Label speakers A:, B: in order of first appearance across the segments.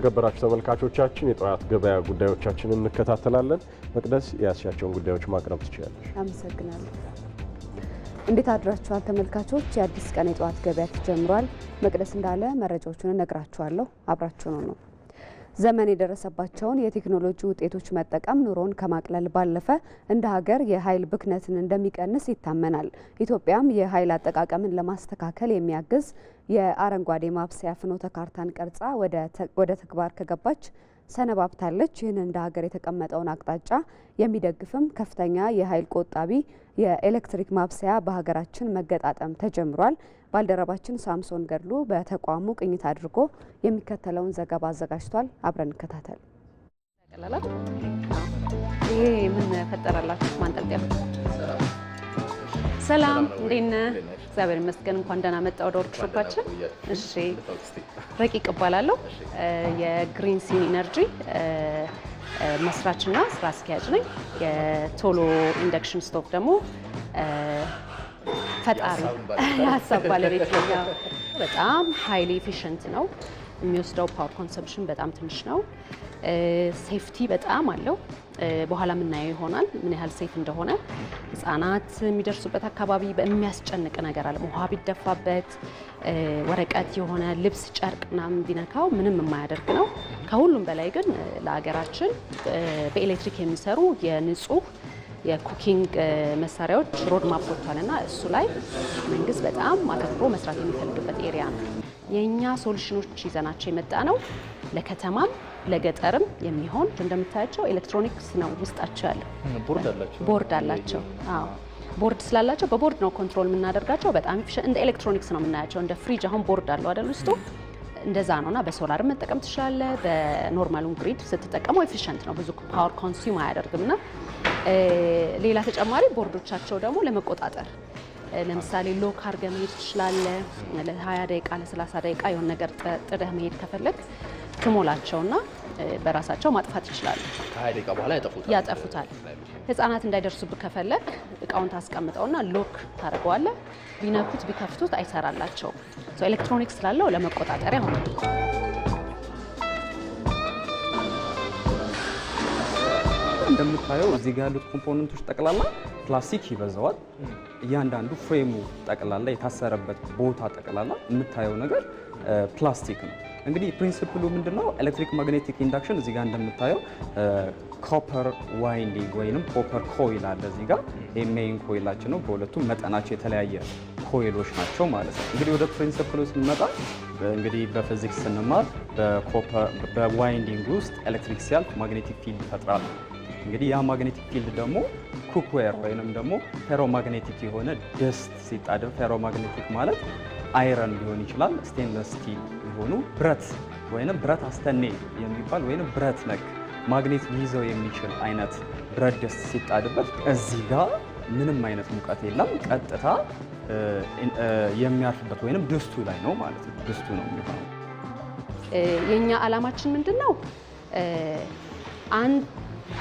A: የተከበራችሁ ተመልካቾቻችን የጠዋት ገበያ ጉዳዮቻችንን እንከታተላለን። መቅደስ የያስሻቸውን ጉዳዮች ማቅረብ ትችላለች።
B: አመሰግናለሁ። እንዴት አድራችኋል ተመልካቾች? የአዲስ ቀን የጠዋት ገበያ ተጀምሯል። መቅደስ እንዳለ መረጃዎቹን እነግራችኋለሁ። አብራችሁ ነው ነው ዘመን የደረሰባቸውን የቴክኖሎጂ ውጤቶች መጠቀም ኑሮን ከማቅለል ባለፈ እንደ ሀገር የኃይል ብክነትን እንደሚቀንስ ይታመናል። ኢትዮጵያም የኃይል አጠቃቀምን ለማስተካከል የሚያግዝ የአረንጓዴ ማብሰያ ፍኖተ ካርታን ቀርጻ ወደ ተግባር ከገባች ሰነባብታለች። ይህን እንደ ሀገር የተቀመጠውን አቅጣጫ የሚደግፍም ከፍተኛ የኃይል ቆጣቢ የኤሌክትሪክ ማብሰያ በሀገራችን መገጣጠም ተጀምሯል። ባልደረባችን ሳምሶን ገድሉ በተቋሙ ቅኝት አድርጎ የሚከተለውን ዘገባ አዘጋጅቷል። አብረን እንከታተል። ይሄ ምን
C: ፈጠረላችሁ ማንጠልጠያ? ሰላም እንዴት ነህ? እግዚአብሔር ይመስገን። እንኳን ደህና መጣ ወደ ወርክሾፓችን። እሺ ረቂቅ እባላለሁ። የግሪን ሲን ኢነርጂ መስራችና ስራ አስኪያጅ ነኝ። የቶሎ ኢንደክሽን ስቶቭ ደግሞ
D: ፈጣሪ የሀሳብ ባለቤት ነው።
C: በጣም ሀይሊ ኤፊሽንት ነው። የሚወስደው ፓወር ኮንሰምፕሽን በጣም ትንሽ ነው። ሴፍቲ በጣም አለው። በኋላ የምናየው ይሆናል ምን ያህል ሴፍ እንደሆነ። ህጻናት የሚደርሱበት አካባቢ በሚያስጨንቅ ነገር አለ ውሃ ቢደፋበት ወረቀት የሆነ ልብስ ጨርቅ ምናምን ቢነካው ምንም የማያደርግ ነው። ከሁሉም በላይ ግን ለሀገራችን በኤሌክትሪክ የሚሰሩ የንጹህ የኩኪንግ መሳሪያዎች ሮድ ማፕ ወጥቷል እና እሱ ላይ መንግስት በጣም አተኩሮ መስራት የሚፈልግበት ኤሪያ ነው። የእኛ ሶሉሽኖች ይዘናቸው የመጣ ነው ለከተማም ለገጠርም የሚሆን እንደምታያቸው ኤሌክትሮኒክስ ነው ውስጣቸው
D: ያለው ቦርድ አላቸው።
C: ቦርድ ስላላቸው በቦርድ ነው ኮንትሮል የምናደርጋቸው። በጣም እንደ ኤሌክትሮኒክስ ነው የምናያቸው። እንደ ፍሪጅ አሁን ቦርድ አለው አይደል ውስጡ እንደዛ ነውና በሶላር መጠቀም ትችላለ በኖርማሉን ግሪድ ስትጠቀመው ኤፊሽንት ነው፣ ብዙ ፓወር ኮንሱም አያደርግምና ሌላ ተጨማሪ ቦርዶቻቸው ደግሞ ለመቆጣጠር ለምሳሌ ሎክ አድርገህ መሄድ ትችላለህ። ለ20 ደቂቃ ለ30 ደቂቃ የሆን ነገር ጥደህ መሄድ ከፈለግ ትሞላቸውና በራሳቸው ማጥፋት ይችላሉ።
D: ከሀይደቂቃ በኋላ ያጠፉታል ያጠፉታል።
C: ህጻናት እንዳይደርሱብህ ከፈለግ እቃውን ታስቀምጠውና ሎክ ታደርገዋለህ። ቢነኩት ቢከፍቱት አይሰራላቸውም። ኤሌክትሮኒክስ ስላለው ለመቆጣጠሪያ ሆነ።
E: እንደምታየው እዚህ ጋር ያሉት ኮምፖነንቶች ጠቅላላ ፕላስቲክ ይበዛዋል። እያንዳንዱ ፍሬሙ ጠቅላላ የታሰረበት ቦታ ጠቅላላ የምታየው ነገር ፕላስቲክ ነው። እንግዲህ ፕሪንሲፕሉ ምንድነው? ኤሌክትሪክ ማግኔቲክ ኢንዳክሽን እዚህ ጋር እንደምታየው ኮፐር ዋይንዲንግ ወይንም ኮፐር ኮይል አለ እዚህ ጋር። ይህ ሜይን ኮይላችን ነው። በሁለቱም መጠናቸው የተለያየ ኮይሎች ናቸው ማለት ነው። እንግዲህ ወደ ፕሪንሲፕሉ ስንመጣ እንግዲህ በፊዚክስ ስንማር በዋይንዲንግ ውስጥ ኤሌክትሪክ ሲያልፍ ማግኔቲክ ፊልድ ይፈጥራል። እንግዲህ ያ ማግኔቲክ ፊልድ ደግሞ ኩክዌር ወይንም ደግሞ ፌሮማግኔቲክ የሆነ ደስት ሲጣደብ ፌሮማግኔቲክ ማለት አይረን ሊሆን ይችላል፣ ስቴንለስ ስቲል የሆኑ ብረት ወይም ብረት አስተኔ የሚባል ወይም ብረት ነክ ማግኔት ሊይዘው የሚችል አይነት ብረት ድስት ሲጣድበት እዚህ ጋር ምንም አይነት ሙቀት የለም። ቀጥታ የሚያርፍበት ወይም ድስቱ ላይ ነው ማለት ነው። ድስቱ ነው የሚሆነው።
C: የእኛ ዓላማችን ምንድን ነው? አንድ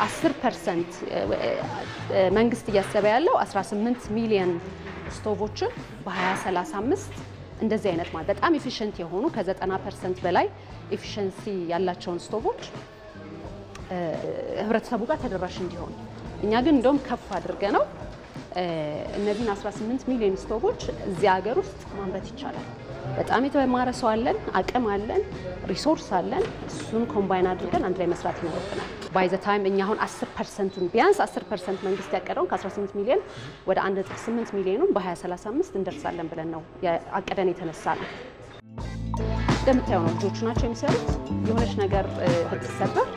C: 10 ፐርሰንት መንግስት እያሰበ ያለው 18 ሚሊየን ስቶቮችን በ2035 እንደዚህ አይነት ማለት በጣም ኤፊሽንት የሆኑ ከ90 ፐርሰንት በላይ ኤፊሽንሲ ያላቸውን ስቶቮች ህብረተሰቡ ጋር ተደራሽ እንዲሆን እኛ ግን እንደውም ከፍ አድርገ ነው እነዚህን 18 ሚሊዮን ስቶቮች እዚህ ሀገር ውስጥ ማምረት ይቻላል። በጣም የተማረ ሰው አለን፣ አቅም አለን፣ ሪሶርስ አለን። እሱን ኮምባይን አድርገን አንድ ላይ መስራት ይኖርብናል። ባይ ዘ ታይም እኛ አሁን 10 ፐርሰንቱን ቢያንስ 10 ፐርሰንት መንግስት ያቀደውን ከ18 ሚሊዮን ወደ 1.8 ሚሊዮኑን በ2035 እንደርሳለን ብለን ነው አቅደን የተነሳ ነው። እንደምታየው ነው ልጆቹ ናቸው የሚሰሩት። የሆነች ነገር ብትሰበር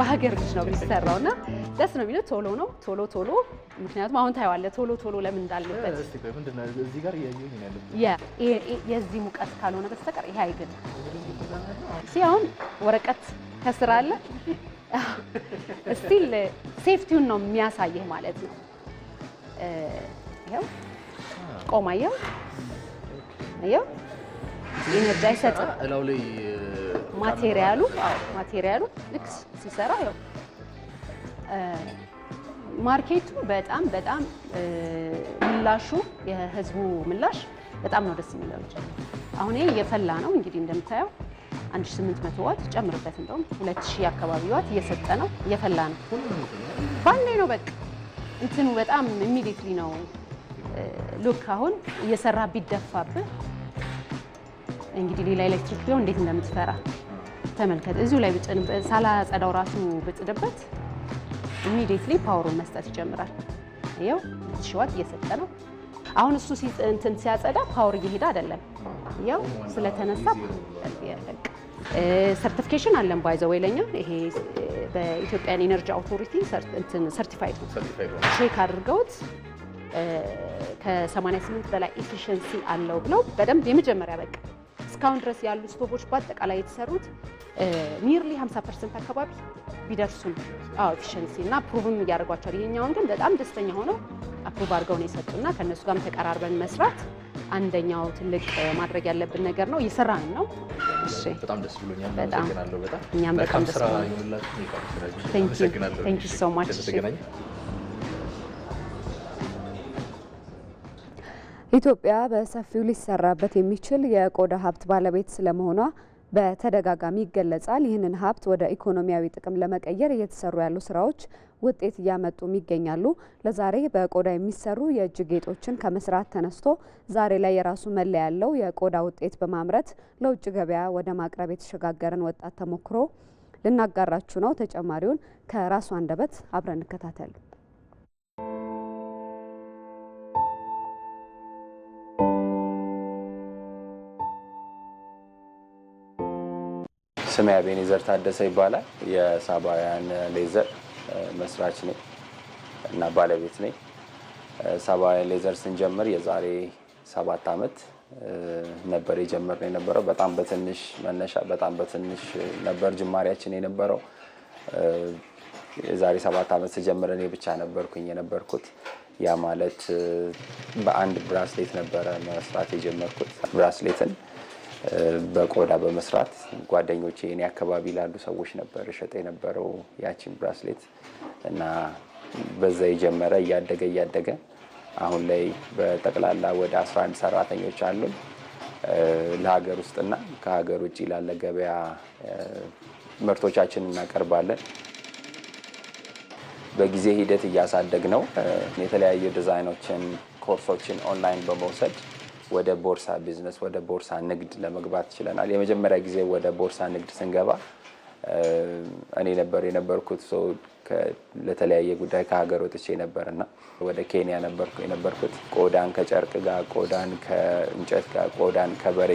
C: በሀገር ልጅ ነው የሚሰራው እና ደስ ነው የሚለው ቶሎ ነው ቶሎ ቶሎ ምክንያቱም አሁን ታየዋለህ ቶሎ ቶሎ ለምን እንዳለበት የዚህ ሙቀት ካልሆነ በስተቀር ይሄ አይግድ። አሁን ወረቀት ከስራ አለ እስቲል ሴፍቲውን uh, ነው የሚያሳይህ ማለት ነው። ይኸው ቆም፣ አየኸው፣ አየኸው
D: ኢነርጂ አይሰጥም። እላው ላይ ማቴሪያሉ ማቴሪያሉ ልክ ሲሰራ ይኸው
C: ማርኬቱ በጣም በጣም ምላሹ የህዝቡ ምላሽ በጣም ነው ደስ የሚለው። አሁን ይሄ እየፈላ ነው እንግዲህ እንደምታየው 1800 ዋት ጨምርበት፣ እንደውም 2000 አካባቢ ዋት እየሰጠ ነው፣ እየፈላ ነው። ባንዴ ነው በቃ እንትኑ በጣም ኢሚዲትሊ ነው። ሉክ አሁን እየሰራ ቢደፋብህ እንግዲህ ሌላ ኤሌክትሪክ ቢሆን እንዴት እንደምትፈራ ተመልከት። እዚሁ ላይ ሳላጸዳው ራሱ ብጥድበት ኢሚዲየትሊ ፓወሩን መስጠት ይጀምራል። ይኸው ሽዋት እየሰጠ ነው። አሁን እሱ እንትን ሲያጸዳ ፓወር እየሄደ አይደለም። ያው ስለተነሳ ሰርቲፊኬሽን አለን ባይዘው ለኛ ይሄ በኢትዮጵያን ኤነርጂ አውቶሪቲ ሰርቲፋይድ ነው። ቼክ አድርገውት ከ88 በላይ ኤፊሽንሲ አለው ብለው በደንብ የመጀመሪያ በቃ እስካሁን ድረስ ያሉ ስቶቦች በአጠቃላይ የተሰሩት ኒርሊ 50 ፐርሰንት አካባቢ ቢደርሱ ኤፊሽንሲ እና ፕሩቭም እያደርጓቸዋል። ይሄኛውን ግን በጣም ደስተኛ ሆነው አፕሩቭ አድርገው ነው የሰጡና ከእነሱ ጋርም ተቀራርበን መስራት አንደኛው ትልቅ ማድረግ ያለብን ነገር ነው። እየሰራን ነው።
D: በጣም ደስ ብሎኛል። አመሰግናለሁ። በጣም እኛም በጣም ደስ ብሎኛል።
C: ሶ ማች
B: ኢትዮጵያ በሰፊው ሊሰራበት የሚችል የቆዳ ሀብት ባለቤት ስለመሆኗ በተደጋጋሚ ይገለጻል። ይህንን ሀብት ወደ ኢኮኖሚያዊ ጥቅም ለመቀየር እየተሰሩ ያሉ ስራዎች ውጤት እያመጡም ይገኛሉ። ለዛሬ በቆዳ የሚሰሩ የእጅ ጌጦችን ከመስራት ተነስቶ ዛሬ ላይ የራሱ መለያ ያለው የቆዳ ውጤት በማምረት ለውጭ ገበያ ወደ ማቅረብ የተሸጋገረን ወጣት ተሞክሮ ልናጋራችሁ ነው። ተጨማሪውን ከራሱ አንደበት አብረን እንከታተል።
F: ስሜ አቤኔዘር ታደሰ ይባላል። የሳባውያን ሌዘር መስራች ነኝ እና ባለቤት ነኝ። ሳባውያን ሌዘር ስንጀምር የዛሬ ሰባት ዓመት ነበር የጀመርነው የነበረው። በጣም በትንሽ መነሻ በጣም በትንሽ ነበር ጅማሪያችን የነበረው። የዛሬ ሰባት ዓመት ስጀምር እኔ ብቻ ነበርኩኝ የነበርኩት። ያ ማለት በአንድ ብራስሌት ነበረ መስራት የጀመርኩት ብራስሌትን በቆዳ በመስራት ጓደኞቼ እኔ አካባቢ ላሉ ሰዎች ነበር እሸጥ የነበረው ያቺን ብራስሌት እና በዛ የጀመረ እያደገ እያደገ አሁን ላይ በጠቅላላ ወደ 11 ሰራተኞች አሉን። ለሀገር ውስጥና ከሀገር ውጭ ላለ ገበያ ምርቶቻችን እናቀርባለን። በጊዜ ሂደት እያሳደግ ነው የተለያዩ ዲዛይኖችን፣ ኮርሶችን ኦንላይን በመውሰድ ወደ ቦርሳ ቢዝነስ ወደ ቦርሳ ንግድ ለመግባት ችለናል። የመጀመሪያ ጊዜ ወደ ቦርሳ ንግድ ስንገባ እኔ ነበር የነበርኩት ሰው ለተለያየ ጉዳይ ከሀገር ወጥቼ ነበር እና ወደ ኬንያ ነበርኩ የነበርኩት። ቆዳን ከጨርቅ ጋር፣ ቆዳን ከእንጨት ጋር፣ ቆዳን ከበሬ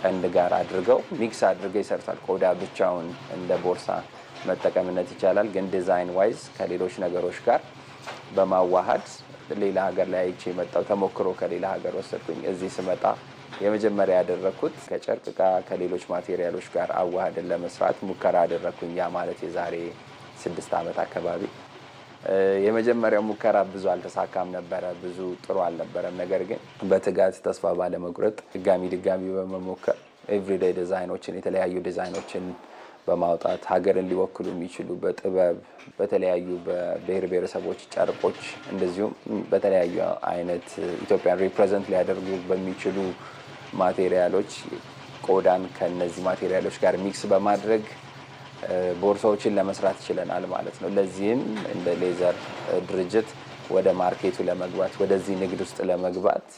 F: ቀንድ ጋር አድርገው ሚክስ አድርገው ይሰርታል። ቆዳ ብቻውን እንደ ቦርሳ መጠቀምነት ይቻላል፣ ግን ዲዛይን ዋይዝ ከሌሎች ነገሮች ጋር በማዋሃድ ሌላ ሀገር ላይ አይቼ የመጣው ተሞክሮ ከሌላ ሀገር ወሰድኩኝ። እዚህ ስመጣ የመጀመሪያ ያደረግኩት ከጨርቅ ጋር ከሌሎች ማቴሪያሎች ጋር አዋህድን ለመስራት ሙከራ አደረግኩኝ። ያ ማለት የዛሬ ስድስት ዓመት አካባቢ የመጀመሪያው ሙከራ ብዙ አልተሳካም ነበረ፣ ብዙ ጥሩ አልነበረም። ነገር ግን በትጋት ተስፋ ባለመቁረጥ ድጋሚ ድጋሚ በመሞከር ኤቭሪዴይ ዲዛይኖችን የተለያዩ ዲዛይኖችን በማውጣት ሀገርን ሊወክሉ የሚችሉ በጥበብ በተለያዩ በብሔር ብሔረሰቦች ጨርቆች፣ እንደዚሁም በተለያዩ አይነት ኢትዮጵያን ሪፕሬዘንት ሊያደርጉ በሚችሉ ማቴሪያሎች ቆዳን ከነዚህ ማቴሪያሎች ጋር ሚክስ በማድረግ ቦርሳዎችን ለመስራት ይችለናል ማለት ነው። ለዚህም እንደ ሌዘር ድርጅት ወደ ማርኬቱ ለመግባት ወደዚህ ንግድ ውስጥ ለመግባት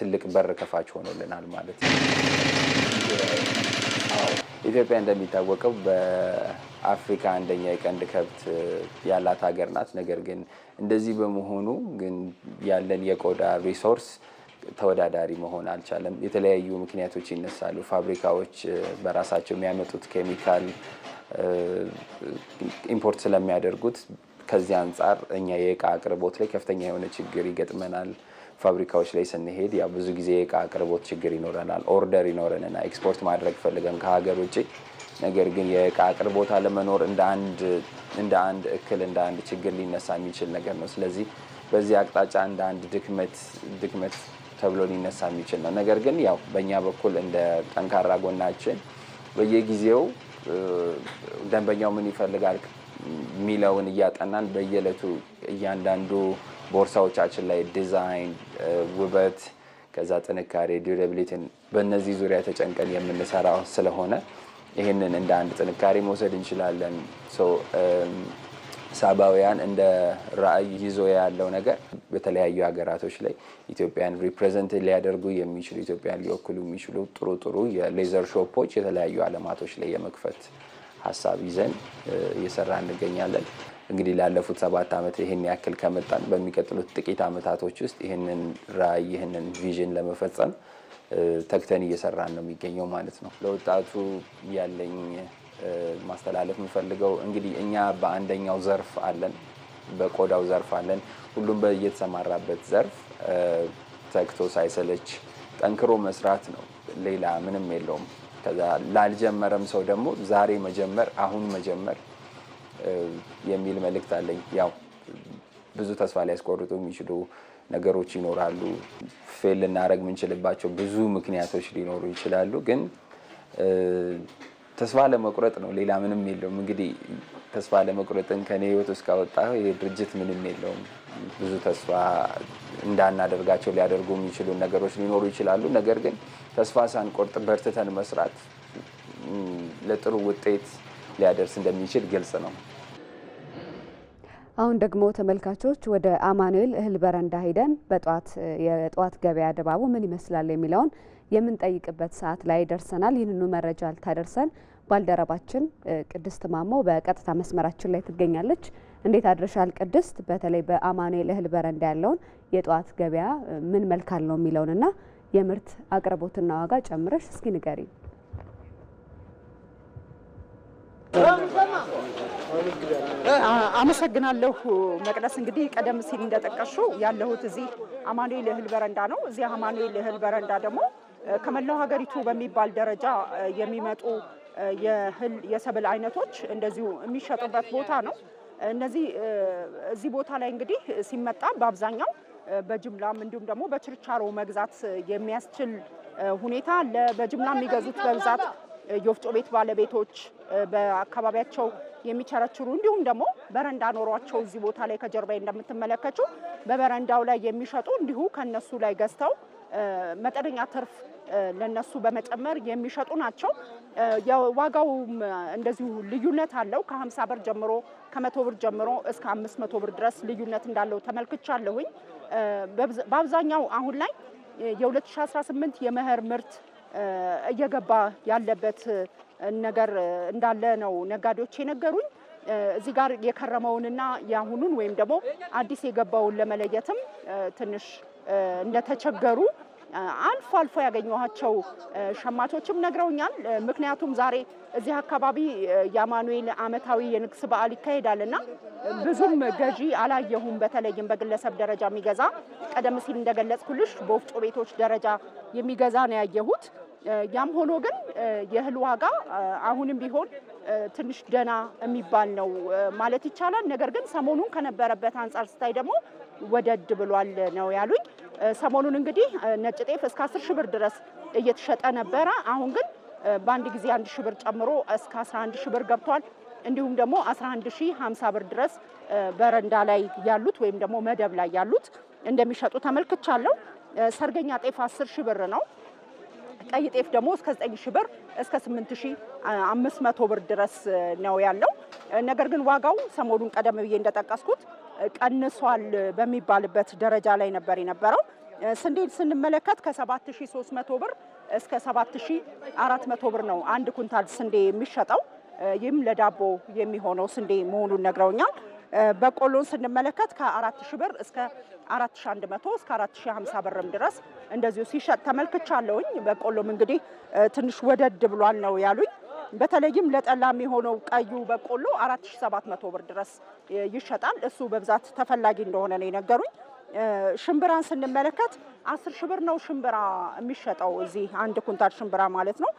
F: ትልቅ በር ከፋች ሆኖልናል ማለት ነው። ኢትዮጵያ እንደሚታወቀው በአፍሪካ አንደኛ የቀንድ ከብት ያላት ሀገር ናት። ነገር ግን እንደዚህ በመሆኑ ግን ያለን የቆዳ ሪሶርስ ተወዳዳሪ መሆን አልቻለም። የተለያዩ ምክንያቶች ይነሳሉ። ፋብሪካዎች በራሳቸው የሚያመጡት ኬሚካል ኢምፖርት ስለሚያደርጉት ከዚህ አንጻር እኛ የእቃ አቅርቦት ላይ ከፍተኛ የሆነ ችግር ይገጥመናል። ፋብሪካዎች ላይ ስንሄድ ያው ብዙ ጊዜ የእቃ አቅርቦት ችግር ይኖረናል። ኦርደር ይኖረንና ኤክስፖርት ማድረግ ፈልገን ከሀገር ውጭ ነገር ግን የእቃ አቅርቦት አለመኖር እንደ አንድ እክል እንደ አንድ ችግር ሊነሳ የሚችል ነገር ነው። ስለዚህ በዚህ አቅጣጫ እንደ አንድ ድክመት ድክመት ተብሎ ሊነሳ የሚችል ነው። ነገር ግን ያው በእኛ በኩል እንደ ጠንካራ ጎናችን በየጊዜው ደንበኛው ምን ይፈልጋል የሚለውን እያጠናን በየዕለቱ እያንዳንዱ ቦርሳዎቻችን ላይ ዲዛይን፣ ውበት፣ ከዛ ጥንካሬ፣ ዲዩራብሊቲን በእነዚህ ዙሪያ ተጨንቀን የምንሰራ ስለሆነ ይህንን እንደ አንድ ጥንካሬ መውሰድ እንችላለን። ሳባውያን እንደ ራዕይ ይዞ ያለው ነገር በተለያዩ ሀገራቶች ላይ ኢትዮጵያን ሪፕሬዘንት ሊያደርጉ የሚችሉ ኢትዮጵያን ሊወክሉ የሚችሉ ጥሩ ጥሩ የሌዘር ሾፖች የተለያዩ አለማቶች ላይ የመክፈት ሀሳብ ይዘን እየሰራ እንገኛለን። እንግዲህ ላለፉት ሰባት ዓመት ይህን ያክል ከመጣን በሚቀጥሉት ጥቂት ዓመታቶች ውስጥ ይህንን ራዕይ ይህንን ቪዥን ለመፈጸም ተግተን እየሰራን ነው የሚገኘው ማለት ነው። ለወጣቱ ያለኝ ማስተላለፍ የምፈልገው እንግዲህ እኛ በአንደኛው ዘርፍ አለን፣ በቆዳው ዘርፍ አለን። ሁሉም በየተሰማራበት ዘርፍ ተግቶ ሳይሰለች ጠንክሮ መስራት ነው። ሌላ ምንም የለውም። ከዛ ላልጀመረም ሰው ደግሞ ዛሬ መጀመር፣ አሁን መጀመር የሚል መልእክት አለኝ። ያው ብዙ ተስፋ ሊያስቆርጡ የሚችሉ ነገሮች ይኖራሉ። ፌል ልናደረግ የምንችልባቸው ብዙ ምክንያቶች ሊኖሩ ይችላሉ። ግን ተስፋ ለመቁረጥ ነው፣ ሌላ ምንም የለውም። እንግዲህ ተስፋ ለመቁረጥን ከኔ ህይወት ውስጥ ካወጣ ድርጅት ምንም የለውም። ብዙ ተስፋ እንዳናደርጋቸው ሊያደርጉ የሚችሉ ነገሮች ሊኖሩ ይችላሉ። ነገር ግን ተስፋ ሳንቆርጥ በርትተን መስራት ለጥሩ ውጤት ሊያደርስ እንደሚችል ግልጽ ነው።
B: አሁን ደግሞ ተመልካቾች ወደ አማኑኤል እህል በረንዳ ሄደን በጠዋት የጠዋት ገበያ ድባቡ ምን ይመስላል የሚለውን የምንጠይቅበት ሰዓት ላይ ደርሰናል። ይህንኑ መረጃ ልታደርሰን ባልደረባችን ቅድስት ማሞ በቀጥታ መስመራችን ላይ ትገኛለች። እንዴት አድረሻል ቅድስት? በተለይ በአማኑኤል እህል በረንዳ ያለውን የጠዋት ገበያ ምን መልክ አለው የሚለውንና የምርት አቅርቦትና ዋጋ ጨምረሽ እስኪ ንገሪ።
G: አመሰግናለሁ መቅደስ። እንግዲህ ቀደም ሲል እንደጠቀሽው ያለሁት እዚህ አማኑኤል እህል በረንዳ ነው። እዚህ አማኑኤል እህል በረንዳ ደግሞ ከመላው ሀገሪቱ በሚባል ደረጃ የሚመጡ የእህል የሰብል አይነቶች እንደዚሁ የሚሸጡበት ቦታ ነው። እነዚህ እዚህ ቦታ ላይ እንግዲህ ሲመጣ በአብዛኛው በጅምላም እንዲሁም ደግሞ በችርቻሮ መግዛት የሚያስችል ሁኔታ አለ። በጅምላ የሚገዙት በብዛት የወፍጮ ቤት ባለቤቶች በአካባቢያቸው የሚቸረችሩ እንዲሁም ደግሞ በረንዳ ኖሯቸው እዚህ ቦታ ላይ ከጀርባዬ እንደምትመለከቱ በበረንዳው ላይ የሚሸጡ እንዲሁ ከነሱ ላይ ገዝተው መጠነኛ ትርፍ ለነሱ በመጨመር የሚሸጡ ናቸው። የዋጋውም እንደዚሁ ልዩነት አለው። ከ50 ብር ጀምሮ ከመቶ ብር ጀምሮ እስከ 500 ብር ድረስ ልዩነት እንዳለው ተመልክቻለሁኝ። በአብዛኛው አሁን ላይ የ2018 የመኸር ምርት እየገባ ያለበት ነገር እንዳለ ነው ነጋዴዎች የነገሩኝ። እዚህ ጋር የከረመውንና የአሁኑን ወይም ደግሞ አዲስ የገባውን ለመለየትም ትንሽ እንደተቸገሩ አልፎ አልፎ ያገኘኋቸው ሸማቾችም ነግረውኛል። ምክንያቱም ዛሬ እዚህ አካባቢ የአማኑኤል ዓመታዊ የንግስ በዓል ይካሄዳል ብዙም ገዢ አላየሁም። በተለይም በግለሰብ ደረጃ የሚገዛ ቀደም ሲል እንደገለጽኩልሽ በወፍጮ ቤቶች ደረጃ የሚገዛ ነው ያየሁት። ያም ሆኖ ግን የእህል ዋጋ አሁንም ቢሆን ትንሽ ደና የሚባል ነው ማለት ይቻላል። ነገር ግን ሰሞኑን ከነበረበት አንጻር ስታይ ደግሞ ወደድ ብሏል ነው ያሉኝ። ሰሞኑን እንግዲህ ነጭ ጤፍ እስከ አስር ሺህ ብር ድረስ እየተሸጠ ነበረ። አሁን ግን በአንድ ጊዜ አንድ ሺህ ብር ጨምሮ እስከ 11 ሺህ ብር ገብቷል። እንዲሁም ደግሞ ሺህ 11050 ብር ድረስ በረንዳ ላይ ያሉት ወይም ደግሞ መደብ ላይ ያሉት እንደሚሸጡ ተመልክቻለሁ። ሰርገኛ ጤፍ አስር ሺህ ብር ነው። ቀይ ጤፍ ደግሞ እስከ 9000 ብር እስከ 8500 ብር ድረስ ነው ያለው። ነገር ግን ዋጋው ሰሞኑን ቀደም ብዬ እንደጠቀስኩት ቀንሷል በሚባልበት ደረጃ ላይ ነበር የነበረው። ስንዴን ስንመለከት ከ7300 ብር እስከ 7400 ብር ነው አንድ ኩንታል ስንዴ የሚሸጠው። ይህም ለዳቦ የሚሆነው ስንዴ መሆኑን ነግረውኛል። በቆሎን ስንመለከት ከ4000 ብር እስከ 4ራ01መቶ እስከ ሺ 4050 ብርም ድረስ እንደዚሁ ሲሸጥ ተመልክቻለሁኝ። በቆሎም እንግዲህ ትንሽ ወደድ ብሏል ነው ያሉኝ። በተለይም ለጠላም የሆነው ቀዩ በቆሎ 4700 ብር ድረስ ይሸጣል። እሱ በብዛት ተፈላጊ እንደሆነ ነው የነገሩኝ። ሽምብራን ስንመለከት 10 ሺህ ብር ነው ሽምብራ የሚሸጠው እዚህ አንድ ኩንታል ሽምብራ ማለት ነው።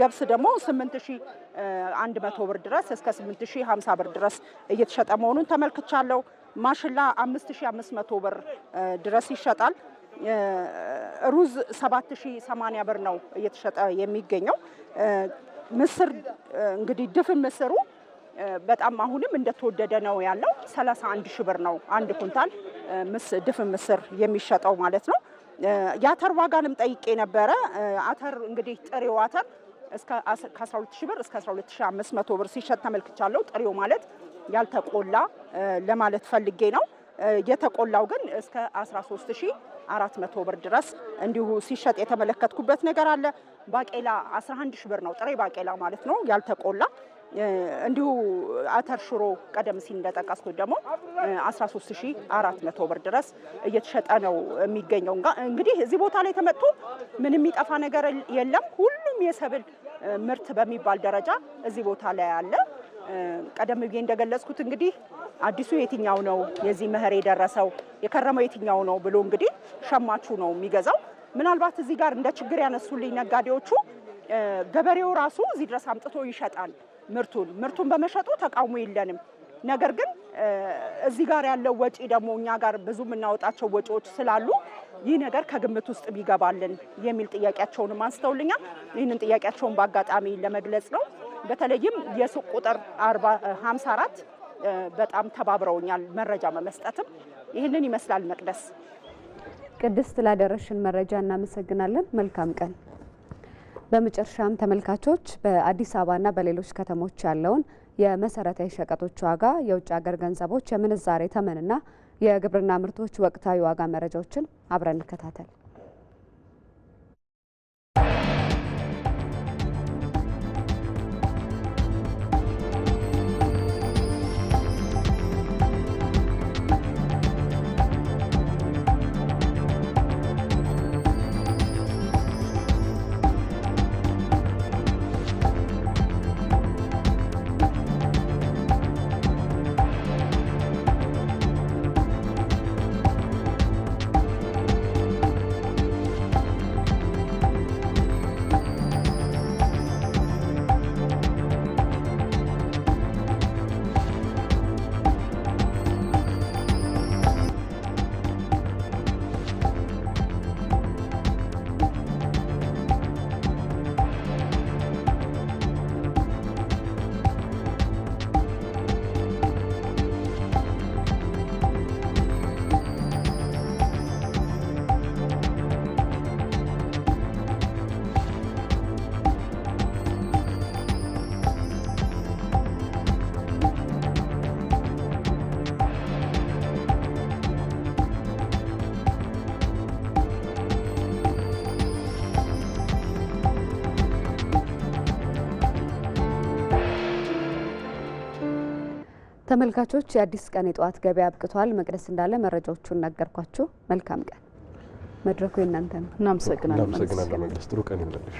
G: ገብስ ደግሞ 8100 ብር ድረስ እስከ 8050 ብር ድረስ እየተሸጠ መሆኑን ተመልክቻለሁ። ማሽላ 5500 ብር ድረስ ይሸጣል። ሩዝ 7080 ብር ነው እየተሸጠ የሚገኘው። ምስር እንግዲህ ድፍን ምስሩ በጣም አሁንም እንደተወደደ ነው ያለው። 31 ሺህ ብር ነው አንድ ኩንታል ድፍን ምስር የሚሸጠው ማለት ነው። የአተር ዋጋንም ጠይቄ ነበረ። አተር እንግዲህ ጥሬው አተር ከ12 ሺህ ብር እስከ 12500 ብር ሲሸጥ ተመልክቻለሁ። ጥሬው ማለት ያልተቆላ ለማለት ፈልጌ ነው። የተቆላው ግን እስከ መቶ ብር ድረስ እንዲሁ ሲሸጥ የተመለከትኩበት ነገር አለ። ባቄላ 11 ሺህ ብር ነው፣ ጥሬ ባቄላ ማለት ነው ያልተቆላ እንዲሁ አተር ሽሮ ቀደም ሲል እንደጠቀስኩት ደግሞ መቶ ብር ድረስ እየተሸጠ ነው የሚገኘው። እንግዲህ እዚህ ቦታ ላይ ተመጥቶ ምንም የሚጠፋ ነገር የለም። ሁሉም የሰብል ምርት በሚባል ደረጃ እዚህ ቦታ ላይ አለ። ቀደም ብዬ እንደገለጽኩት እንግዲህ አዲሱ የትኛው ነው የዚህ መኸር የደረሰው የከረመው የትኛው ነው ብሎ እንግዲህ ሸማቹ ነው የሚገዛው። ምናልባት እዚህ ጋር እንደ ችግር ያነሱልኝ ነጋዴዎቹ ገበሬው ራሱ እዚህ ድረስ አምጥቶ ይሸጣል ምርቱን ምርቱን በመሸጡ ተቃውሞ የለንም። ነገር ግን እዚህ ጋር ያለው ወጪ ደግሞ እኛ ጋር ብዙ የምናወጣቸው ወጪዎች ስላሉ ይህ ነገር ከግምት ውስጥ ቢገባልን የሚል ጥያቄያቸውንም አንስተውልኛል። ይህንን ጥያቄያቸውን በአጋጣሚ ለመግለጽ ነው። በተለይም የሱቅ ቁጥር 54 በጣም ተባብረውኛል መረጃ በመስጠትም ይህንን ይመስላል። መቅደስ
B: ቅድስት ላደረሽን መረጃ እናመሰግናለን። መልካም ቀን። በመጨረሻም ተመልካቾች በአዲስ አበባና በሌሎች ከተሞች ያለውን የመሰረታዊ ሸቀጦች ዋጋ፣ የውጭ ሀገር ገንዘቦች የምንዛሬ ተመንና የግብርና ምርቶች ወቅታዊ ዋጋ መረጃዎችን አብረን እንከታተል። ተመልካቾች የአዲስ ቀን የጠዋት ገበያ አብቅቷል። መቅደስ እንዳለ መረጃዎቹን ነገርኳችሁ። መልካም ቀን። መድረኩ የእናንተ ነው። እናመሰግናለን። መቅደስ ጥሩ ቀን ይብለሽ።